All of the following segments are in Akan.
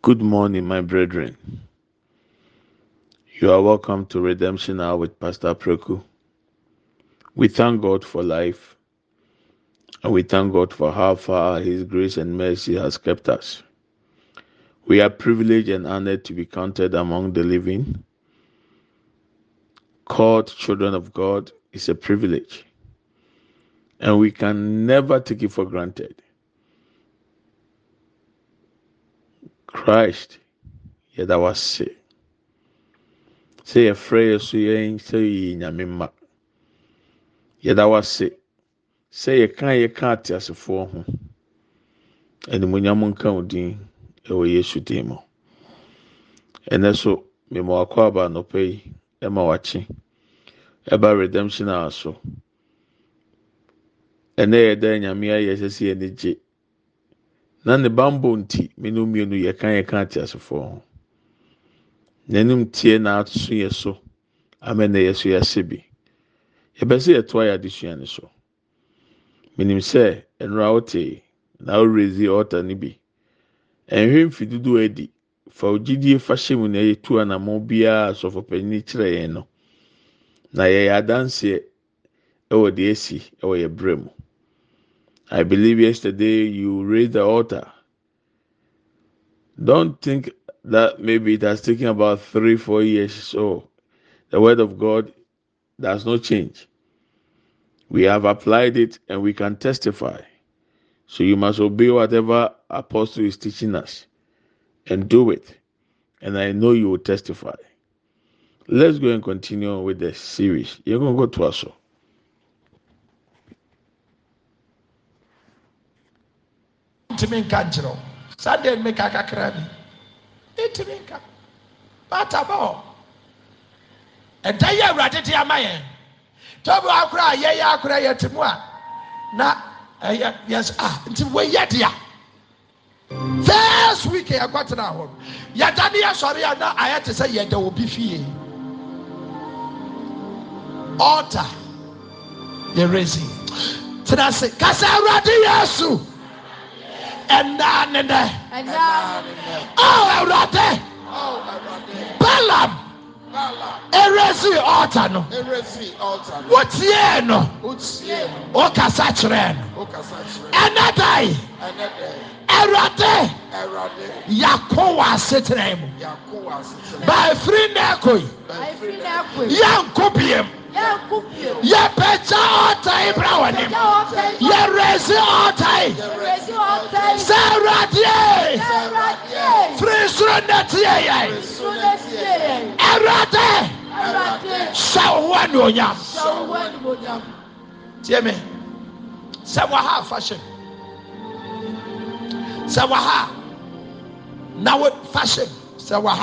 Good morning, my brethren. You are welcome to Redemption Hour with Pastor Preku. We thank God for life and we thank God for how far His grace and mercy has kept us. We are privileged and honored to be counted among the living. Called children of God is a privilege, and we can never take it for granted. christ yɛda woase sɛ yɛfrɛyɛ so yɛn sɛ yyi nyame mma yɛda woase sɛ yɛka yɛka ateasefoɔ ho ɛnomuonyamo nkawodin ɛwɔ yɛsu den mu ɛnɛ so mema wako abaanɔpɛ yi ɛma wakye ɛba redemtion a so ɛnɛ yɛda yame ayɛ ɛsɛ sɛ yɛne gye na ne bambɔ nti mene mmienu yɛka yɛka ateasefoɔ ho n'anim tie na n'aso yɛ so ama na yɛ so yɛ ase bi yɛbɛ sɛ yɛtoa yɛ adesua ne so menim sɛ nnora wote na worezi ɔta no bi ɛnhwɛ mfi dodo adi fa ogyidie fa hyɛ mu na yɛtu anammɔ biara asɔfopanyin kyerɛ yɛn no na yɛyɛ adanseɛ ɛwɔ deɛ esi ɛwɔ yɛ berɛ mu I believe yesterday you raised the altar. Don't think that maybe it has taken about three, four years. So the word of God does not change. We have applied it and we can testify. So you must obey whatever apostle is teaching us and do it. And I know you will testify. Let's go and continue with the series. You're going to go to us. ntumi nka nkyerɛ wo saa deɛ mmeka kakra bi ntumi nka bata bɔ hɔ ɛda yi awurade te ama yɛn tɔbi akora a yɛyɛ akora yɛte mu a na ɛyɛ yɛs a ah, nti wɔyɛ dea first week yɛkɔtena hɔ no yɛda ne yɛsɔre a na ayɛ te sɛ yɛda obi fie altar yɛ raising tena se kasa awurade yɛ asu. ɛna ne nɛ ɛwrade balam ɛurɛsi ɔlta no wotieɛ no wo kasa kyerɛɛ no ɛnɛdae ɛwurade yakowa setenae mu bae firi nɛakoi yɛnko biem yɛpɛkya ɔtae bra wɔ nem yɛwerɛsi ɔtae sɛ ɛwerdɛfiri soro na teɛyɛ ɛwradɛ sɛ wo hoaneonyam tim sɛ wha fason sɛ wha nawo fasion sɛwh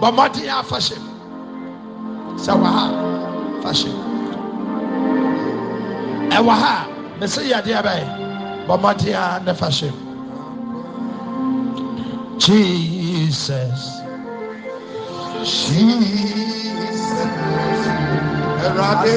bɔmɔdena fason sɛwh fahyɛ ɛwɔ ha bɛsɛ yɛ adeɛ bɛyɛ bɔmmɔden a ne fahyɛ jesus jesus ɛwurade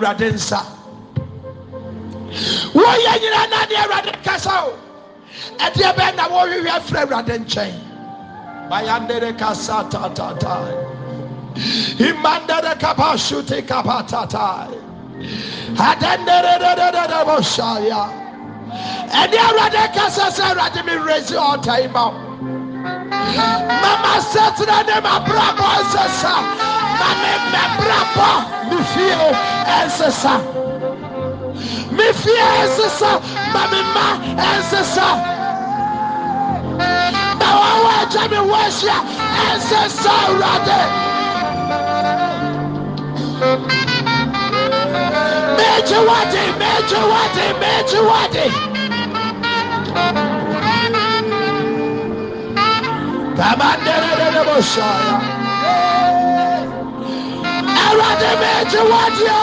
awurade nsa wɔyɛ nyinaa na adeɛ awurade kasa o ɛdeɛ bɛyɛ na wɔrehwehwɛ afiri awurade nkyɛn bayandere kasa taataataa imandere kapa sute kapa taataa adendere dededede bɔ hyaya ɛdeɛ awurade kasa sɛ awurade mi rezi ɔta yi ma o. Mama sɛtena ne ma brabɔ nsɛsa ma me mɛ brabɔ. mi fi ensesa ba mi ma ensesa bawawejamiwasa nsesa rat awurade mɛɛkye wadeɛ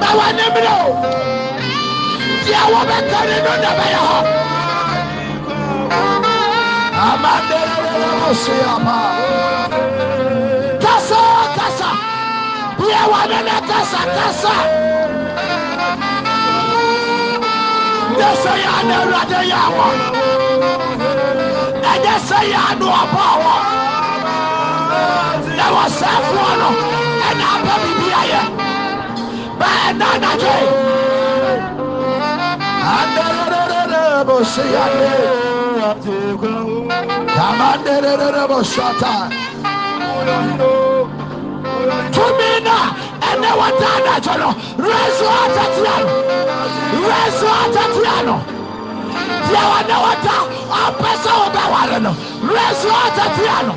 ma w'anim no deɛ wɔbɛka ne no na bɛyɛ hɔ amaderereseaba kasa kasa bia wɔne ne kasa kasa ɛnyɛ sɛ yɛ ade awurade yɛ wɔ ɛnyɛ sɛ yɛ ade ɔbɔ wɔ ɛwɔ sɛfuɔno ɛna abɛ bibiayɛ ba ɛnanajɛe ane bosiyanettamanererebosɔta tumina ɛnɛ watanacɔno ruesuatatuano resuatatuano diawanɛwata ɔpɛsawo ba walɛ no ruesuatatuano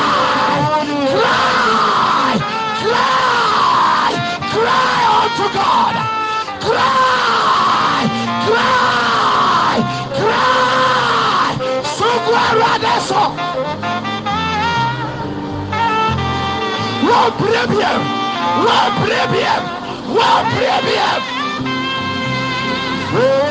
Cry! Cry! Cry unto God! Cry! Cry! Cry! Somewhere around this Well, premium! Well, premium! Well, premium!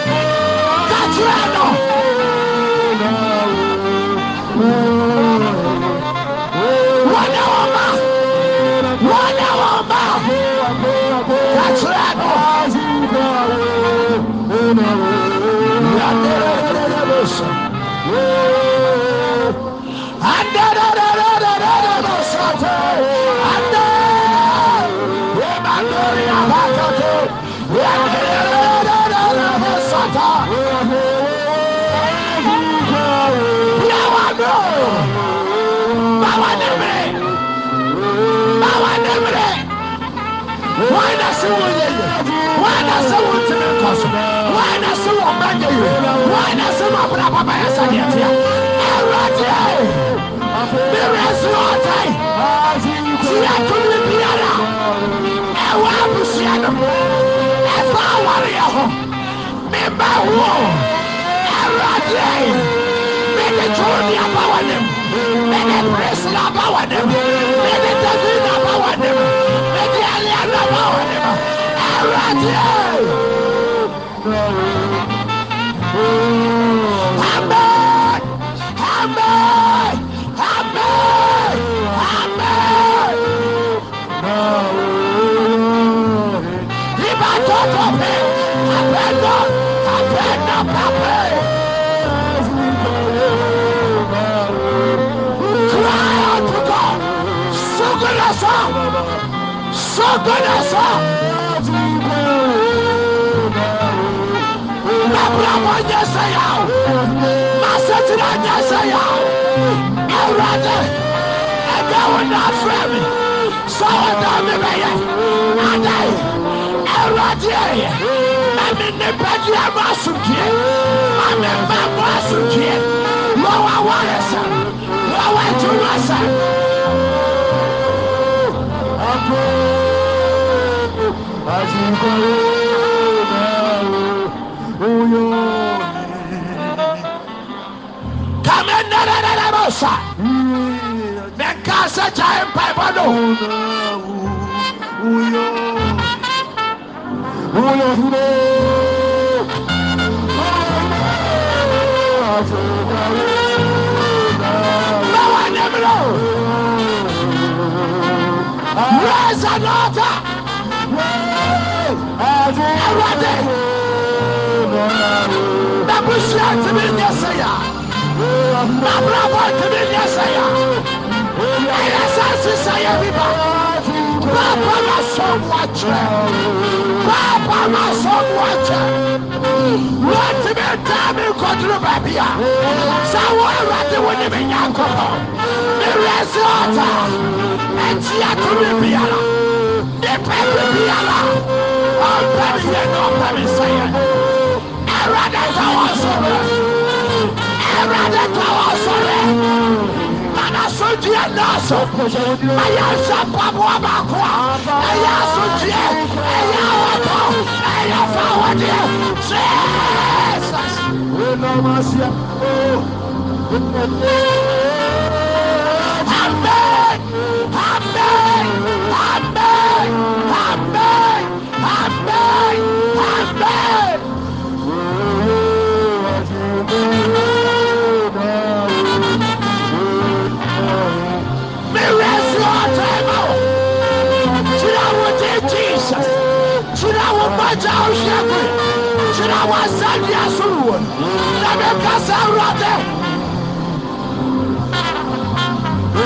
abra baba ya sa dia tia awurade bíbélì ẹsùn ọ̀tẹ̀ tí a tún lè bí ara ẹwà abusua nù ẹfọ awari yẹ hó mi bá wọ awurade mi ni tún ní abáwa nì mi ni pírẹsì ní abáwa nì mi ni tẹbi ní abáwa nì mi ni ẹlẹ́yà ní abáwa nì awurade. Oh sọ gbọ́dọ̀ sọ. Abraham nyɛ sɛ yaw, Masetira nyɛ sɛ yaw, Awurade, ɛbɛ wo na afra mi, sɛ wo na mi bɛyɛ, adae, Awurade ɛyɛ, na mi nipa di ama asundue, ma mi ma mo asundue, lɔwa wɔyɛ sɛ, lɔwa tu wa sɛ. lásìkò rẹ̀ oyó. kàmé nẹ́rẹ́rẹ́rẹ́ bò sà mẹ ká sẹ́jà ẹ̀ ń pa ẹ̀ bọ́ nù. oyó oyó fúnlẹ̀. Báwa ni mi lọ? Raise an altar! abusua tìmí nyɛ sèyà n'abrabɔ tìmí nyɛ sèyà ɛyɛ sɛ sisan yɛ bi ba bàbá ma sọ wà kyerɛ bàbá ma sọ wà kyerɛ wọ́n tìmí dàmí kọ́dúró bàbí a sáwọ́ ẹ̀rọ̀dì wọ́n ní mi nyà kọ́kọ́ ìrẹsì ọ̀tá ẹ̀jì àtúmí bìyàrá ìpẹ́ bìyàrá ọ̀pẹ́ mi yẹn ní ọ̀pẹ́ mi sẹ́yẹ. 我说那说间要想不把过要送间要我要放我你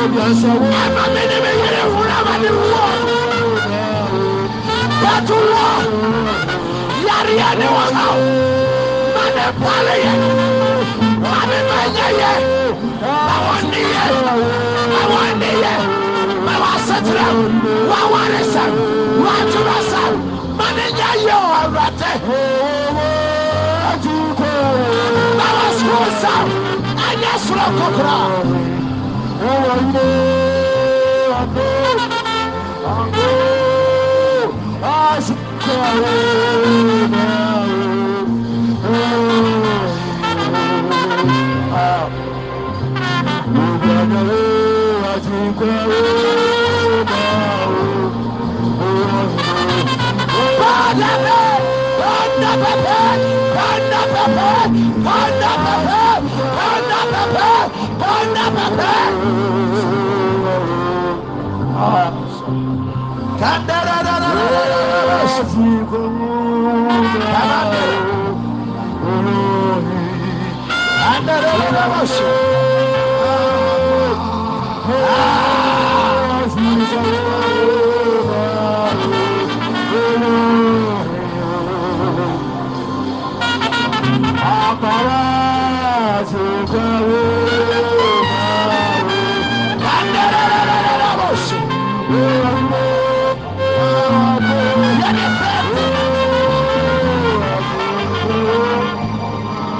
Bàbá mi ni mi yẹrẹ wúlò bá mi wúwo. Bàtú wọ. Yàrá yà ni wọ́n sá o. Má lè pálí yẹ. Má mi má yẹ yẹ. Báwo ni yẹ? Báwo ni yẹ? Báwo sẹ́tìrẹ̀? Wá wá ní sẹ́. Wá túbọ̀ sẹ́. Má ní yẹ yẹ o ọ̀rọ̀ tẹ. Báwo sọ̀rọ̀ sẹ́? Ẹ yẹ sọ̀rọ̀ kọ̀kọ̀rọ̀. Angô, angô, angô, angô,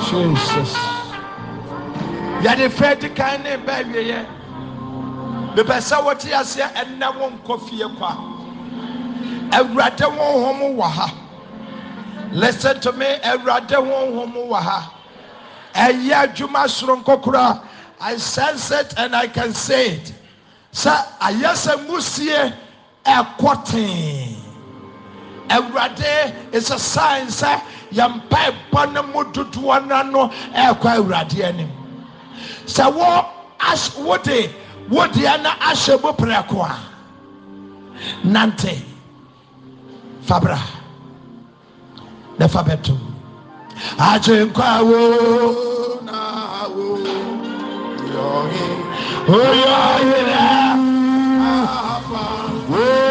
Jesus. yadi fẹ́ kane kan ní bẹ́ẹ̀ wíyẹ. Bíbẹ̀ sẹ́ wọ́n ti wọn kọ́ fìyẹ kọ́ a. Ẹ̀wúrọ̀dẹ̀ wọn hàn mu Listen to me, Ẹ̀wúrọ̀dẹ̀ wọn hàn waha. wà ha. Ẹ̀yẹ adwuma I sense it and I can say it. Sẹ́ ayẹ́sẹ̀ mú sie. ɛkɔ tee awurade sɛ sciensɛ yɛmpaebɔ ne mododoɔna no ɛyɛkɔ awurade anim sɛ wo ode wodeɛ na ahyɛbo prɛko a nante fabra na fa bɛto akyenkaa wonaoye Whoa.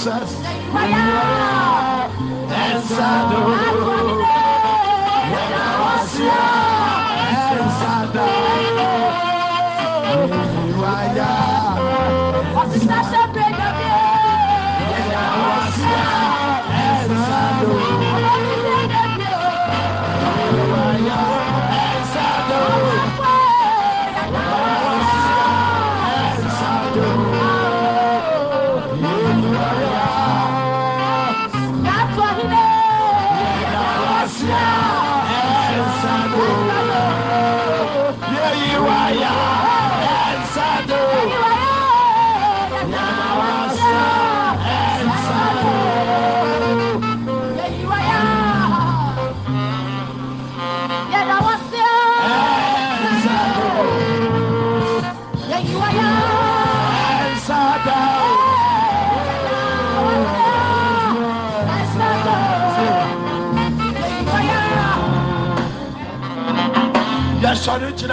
Jesus. Answer the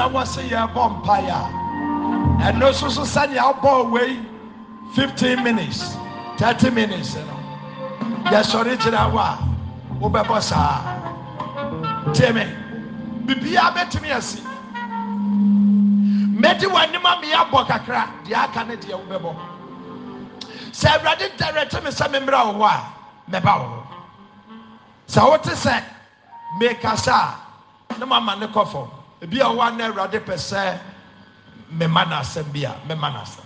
na wɔsi yɛ bɔ mpaeɛ ɛno nso so sɛdeɛ abɔ wei fifteen minutes thirty minutes no yɛsɔre gyina hɔ a wobɛbɔ saa tie me biribiara bɛtumi asi mɛdi wɔn anim a meyɛabɔ kakra deɛ aka ne deɛ wobɛbɔ sɛ awurade dɛrɛte me sɛ memmra wo hɔ a mɛba wo hɔ sɛ wote sɛ mekasa a ne mama ne kɔ fam bi a hɔ a na awurade pɛ sɛ me ma no asɛm bi a mɛma no asɛm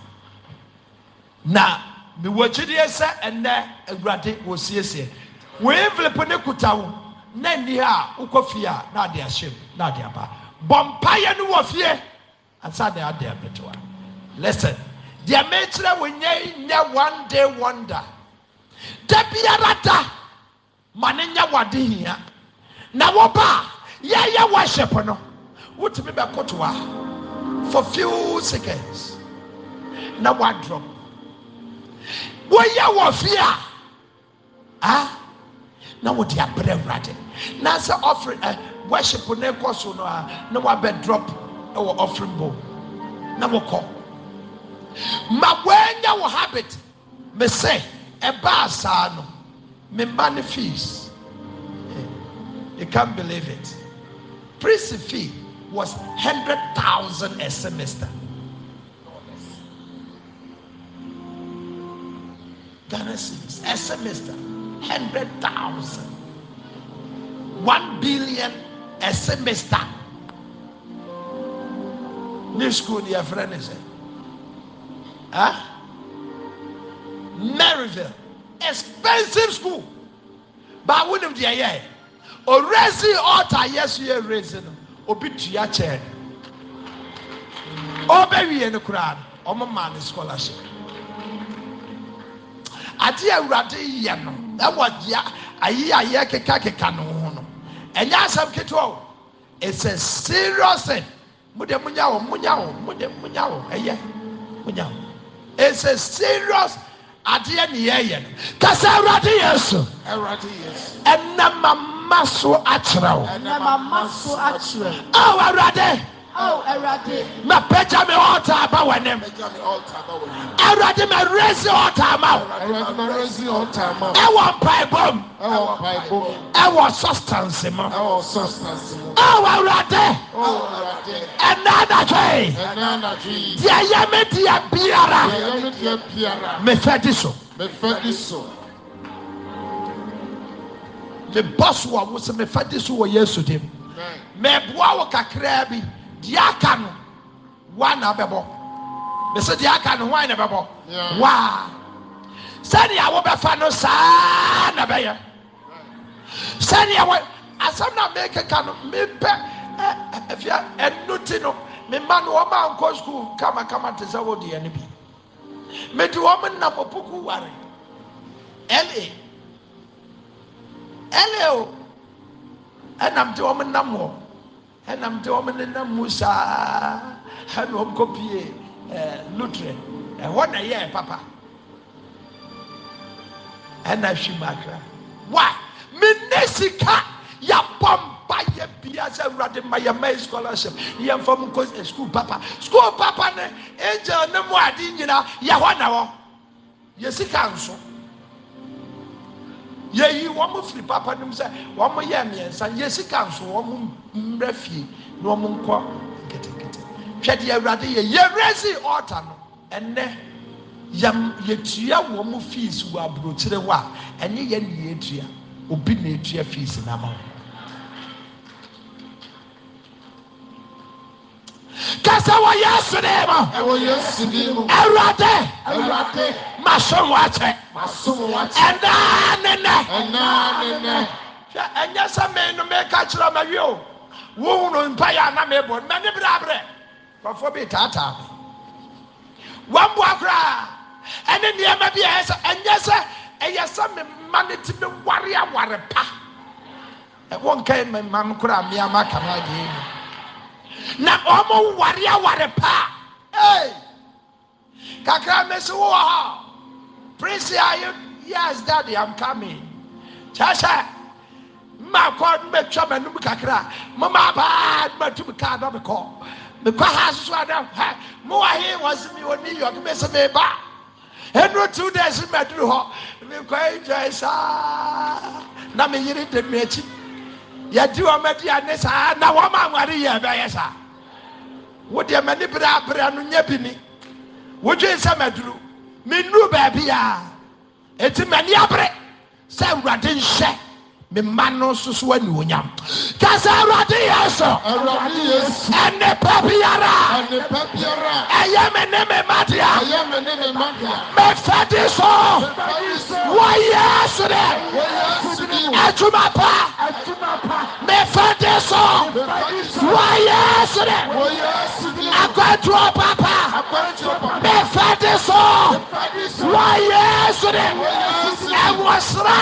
na mewɔ gyiriɛ sɛ ɛnɛ awurade wɔ siesie weɛ vile po no kota wo na nniha a wokɔ fie a na ade ahyɛm na ade aba bɔ mpaeɛ no wɔ fie ansade ade amɛtewa liston deɛ mekyerɛ wonyɛ nyɛ one day onde da biara da ma ne nyɛ w'ade hia na woba a yɛayɛ wo ahyɛpɛ no Would be back to for few seconds. Eh, now, one drop. Why are you fear? Ah, now what you are ready now? So, offering worship on a course, no one bed drop or offering bowl. Now, what call my when you habit me say a basano me manifest. Eh, you can't believe it. Pray Prince fee was 100,000 a semester. Ghana a semester, 100,000. 1 billion a semester. New school, dear friend, is it? Huh? Maryville, expensive school. But I wouldn't be a year. Or raising altar, yes, you're raising them. obi tua kyɛɛ ɔbɛwie no koraa no ɔmo maa ne scholarship ade awurade yɛ no ɛwɔ ya ayi a yɛ keka keka no ho no ɛnyɛ asɛm ketewa o it's a serious thing mo de mo nya wo mo nya wo mo de mo nya wo ɛyɛ mo nya wo it's a serious adeɛ ne yɛ yɛ no kasa awurade yɛ so awurade yɛ so ɛnam am. mma so akyerɛ wo awo awurade mapagya me ɔta aba w'anim awurade ma resi ɔta ama wo ɛwɔ mpaebom ɛwɔ substance mu awo awurade ɛna anadwe deɛ yɛ me deɛ biara mefɛ di so meba so a wo sɛ mefa de so wɔ yesu dim meboa wo kakraa bi deɛ aka no woa na bɛbɔ me sɛ deɛ aka no hwan na bɛbɔ awo sɛnea wobɛfa no saa na bɛyɛ sɛnea awo asam na mekeka no mepɛ ɛfia ɛno ti no mema no wɔma nkɔ sukuu kamakama te sɛ wodeɛ no bi mede wɔm nam ɔpoku ware la ɛleo ɛnam nte ɔmnam wɔ ɛnam nde ɔmne nam mu saa ɛn ɔmkɔbie ludre ɛhɔ na yɛ papa ɛna hwima kra wa mennɛ sika yɛbɔ mba yɛ bia sɛ awurade ma yɛma yɛ scholarship yɛmfamnkɔ eh, schol papa scul papa ne angyel ne mo aden nyina yɛhɔ na wɔ yɛsika nso yɛyi wɔn firi papa nim sɛ wɔn yɛ mmiɛnsa yɛ sika nso wɔn mmerɛ fie na wɔn nkɔ nketenkete hwɛ deɛ awurade yɛ yɛrɛsi ɔɔta no ɛnɛ yɛm yɛtua wɔn fees wɔ aburokyire hɔ a ɛnyɛ yɛn na yɛtua obi na yɛtua fees na wɔn. Kasa wọ yẹsu ni mu. ẹwọ yẹsu ni mu. ẹwurade. ẹwurade. ma sún wọn akyẹ. ma sún wọn akyẹ. ẹnna nínẹ. ẹnna nínẹ. ṣe ẹnyẹ mi nu mi ka kyerẹ ọmọ wi o wúhùn mpa yà nà mi bọ mẹ ní bìrẹ abirẹ kọfọ bi tààtà wọn bu akora ẹni nìyẹn bi ẹ sẹ ẹnyẹ sẹ ɛyɛ me mma ne ti mi ware aware pa ɛwɔ nkae me mam koraa mmea ma kama adeɛ mu na ɔmɔ wareɛware paa e kakra mɛ se wowɔ hɔ prinse a yɛ yes dad am comin kyɛhyɛ mma kɔ n mɛtwa manom kakra moma baaa nmatum kar dɔ me kɔɔ meka ha sso a dɛha mowɔ hee wɔ seme ɔni yɔme me se me eba enuro tuo days maaduru hɔ me nkɔidwae saa na meyere ndɛ me akyi yɛgye wɔn adi ane saa na wɔn anware yɛ ɛbɛyɛ saa wodeɛ m'ani bere abere no nyɛ bi ni wodwe nsɛm aduru menuru baabi a eti m'ani abere sɛ awurade nhyɛ. memma no sosoanionyamka sɛ awurade yɛ so ɛnepa biara ɛyɛ mene me madea mefɛde so yɛ seeadwuma pa mefɛde so yɛ seakwantɔpapa mefɛde so yɛ sene ɛwɔ sra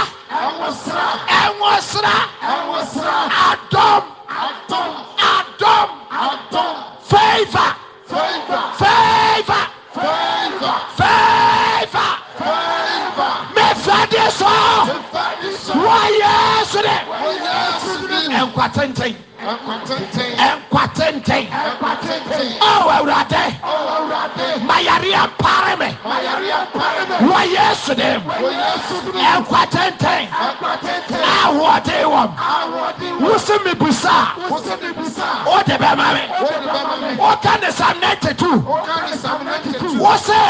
dsy ɛnkwatentenawurade mayareyamparɛ me wayesu dem ɛnkwatentenawɔɔde wɔm wosemebusaa o debɛmame okane samntt wose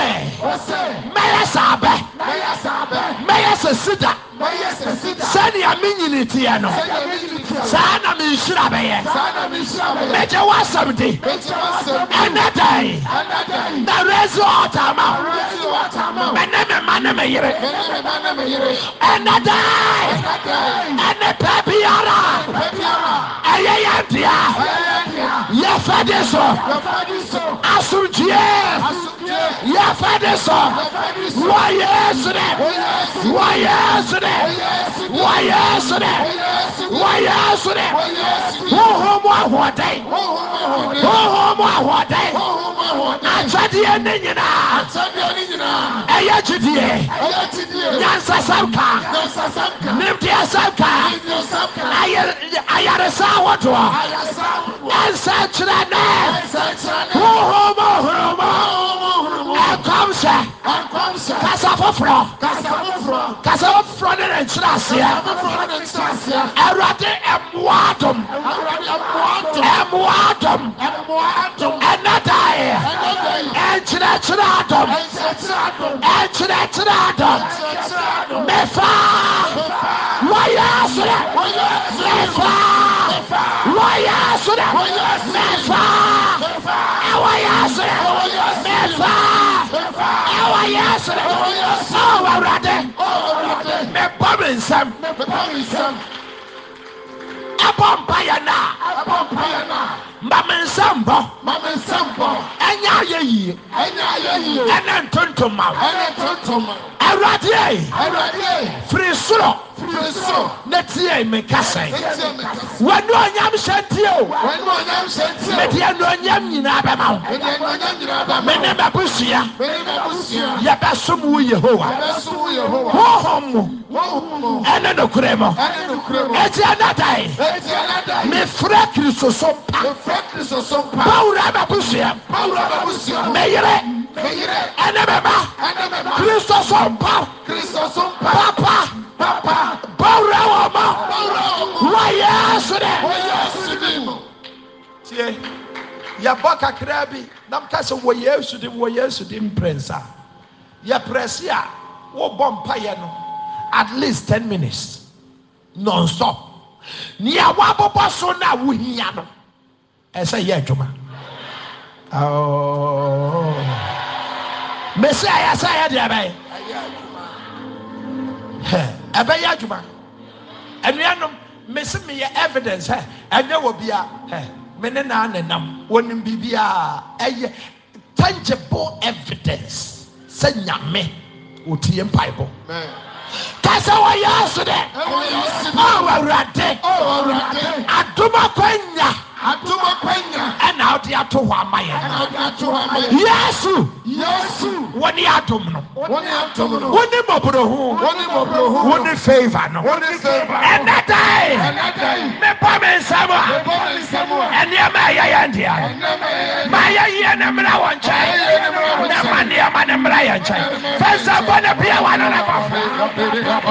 mɛlɛsaabɛ mɛyɛsasida ɛnea me nyiniteɛ no saa na menhyira bɛyɛ megye wɔ sɛmde ɛnɛdae na wresi ɔtama mene mema ne me yere ɛnɛdɛe ɛne pɛ biara ɛyɛ yɛndea yɛfɛde so asonkyie yɛfɛde so ɔ yɛsonɔɛɔɛ ohomɔɔdeoomɔɔde akyɛdeɛ ne nyinaa ɛyɛ gyideɛ nyansasɛm ka nemdeɛsɛm ka ayaresa hɔdɔɔ nansakyerɛnɛohomhom nhwɛ kasa foforɔ ne ne awurade ɛmoa adom ɛmoa adom ɛnɛ daeɛ ɛnkyerɛkyerɛ adom ɛnkyerɛkyerɛ adom mefaa wɔyɛ asorɛ mefaa r e bb nsmaa yan mbame nsambɔ mbame nsambɔ ɛnyɛ ayɛ yie ɛnyɛ ayɛ yie ɛnɛ ntontoma ɛnɛ ntontoma awuradeɛ yi awuradeɛ yi firi soro firi soro ne tie mi kasa yi wɛnu ɔnyam hyɛ ntie o wɛnu ɔnyam hyɛ ntie o mɛdiɛ nu ɔnyam nyinaa bɛ ma o mɛdiɛ nu ɔnyam nyinaa bɛ ma o mɛnɛ bɛ busua mɛnɛ bɛ busua yɛbɛ sum wu yehowa yɛbɛ sum wu yehowa hohom mu ɛnɛ nukure mu ɛnɛ nukure mu etia nata yi etia nata yi mefura kirisoso pa mefura. pawulo ababusua me yere ɛne me ba kristo so mpa papa pawulo wɔ ma wɔyɛ asodɛ. tie yɛbɔ kakra bi nam ka sɛ yesu dim wɔ yesu dim prɛnsa yɛprɛse a wobɔ mpayɛ no at least 10 minutes non-stop nea woabobɔ so no a no ɛɛ sɛ yɛ adwuma mɛsɛ ɛyɛ sɛyɛ deɛ ɛbɛyɛ ɛbɛyɛ adwuma anuanom me se meyɛ evidence ɛnɛ wɔ bia mene naa ne nam wɔnembiribi a ɛyɛ tangible evidence sɛ nyame wɔtiyɛ mpa bɔ ka sɛ wɔyɛ ɔsodɛawrade adoma kɔ anya ɛna ɔde ato hɔ ama yɛn yesu wɔne adom no wɔne mɔborɔ ho favor no ɛnɛ dae mepɔ me nsɛm a ɛnneɛma ɛyɛ yɛn dea ma yɛ yie ne mmra wɔ nkyɛn na ma nneɛma ne mmra yɛ nkyɛn fɛ nsɛ bɔ ne bia wa no ne bɔfra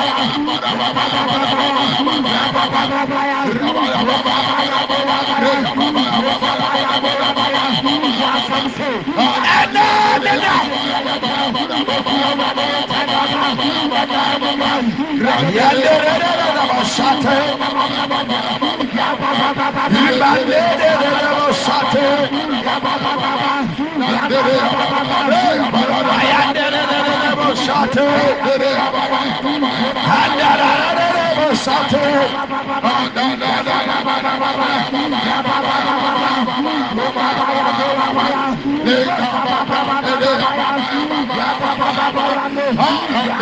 Shut up. সাথে সাথে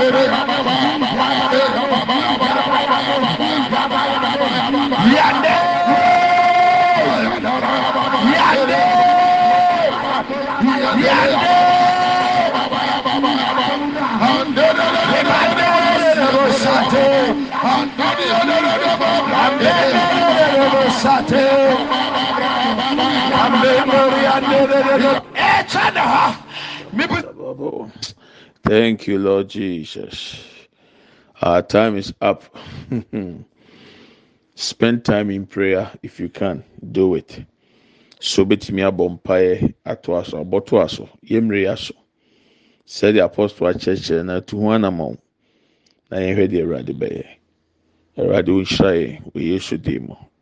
Oh, sate eh, thank you lord jesus our time is up spend time in prayer if you can do it so betumi abɔ mpaeɛ ato Said the Apostle yɛmmere aso sɛdeɛ apɔstol akyerɛkyerɛ na atu ho anama wo na yɛhwɛ deɛ awurade bɛyɛ awurade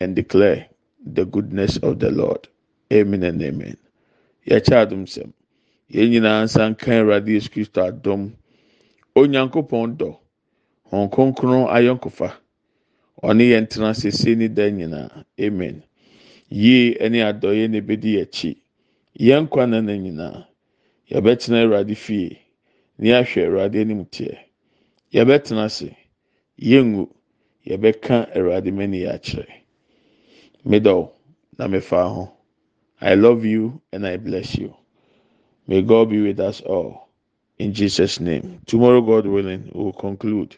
and declare the goodness of the Lord. Amen and amen. Yɛkyɛ adum sɛm. Yɛn nyinaa nsa nka Awurade Yesu Kristo adum. Onyankopɔn dɔ. Wɔn kronkron ayɔnkofa. Ɔne yɛn tena sese ne da nyinaa. Amen. Yie ne adɔeɛ na ebedi akyi. Yɛn nkwa na na nyinaa. Yɛbɛtena Awurade fie. Ne ahwɛ Awurade anim teɛ. Yɛbɛtena ase. Yɛngu. Yɛbɛka Awurade mani middle na i love you and i bless you may god be with us all in jesus name tomorrow god willing we will conclude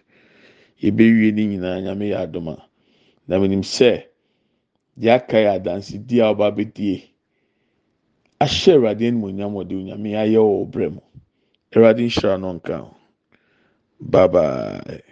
yɛbɛwie ne nyinaa nyame yɛ adoma na menim sɛ deɛ aka yɛ adanse di a ɔba abɛdie ahyɛ awurade animonyam ɔde onyame ayɛ wɔ ɔbrɛ mu awurade nhyira no nka ho bye bye